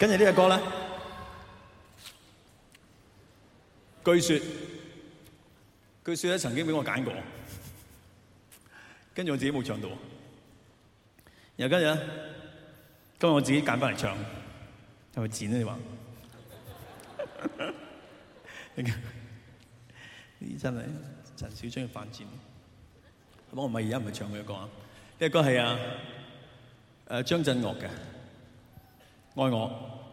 跟住呢個歌咧，據說，據說咧曾經俾我揀過，跟住我自己冇唱到，又跟住，今日我自己揀翻嚟唱，係、嗯、咪賤，啊 賤？啊？你話？你真係陳小春嘅犯賤，我唔係而家唔係唱佢嘅歌啊！呢個歌係啊，誒張震岳嘅《愛我》。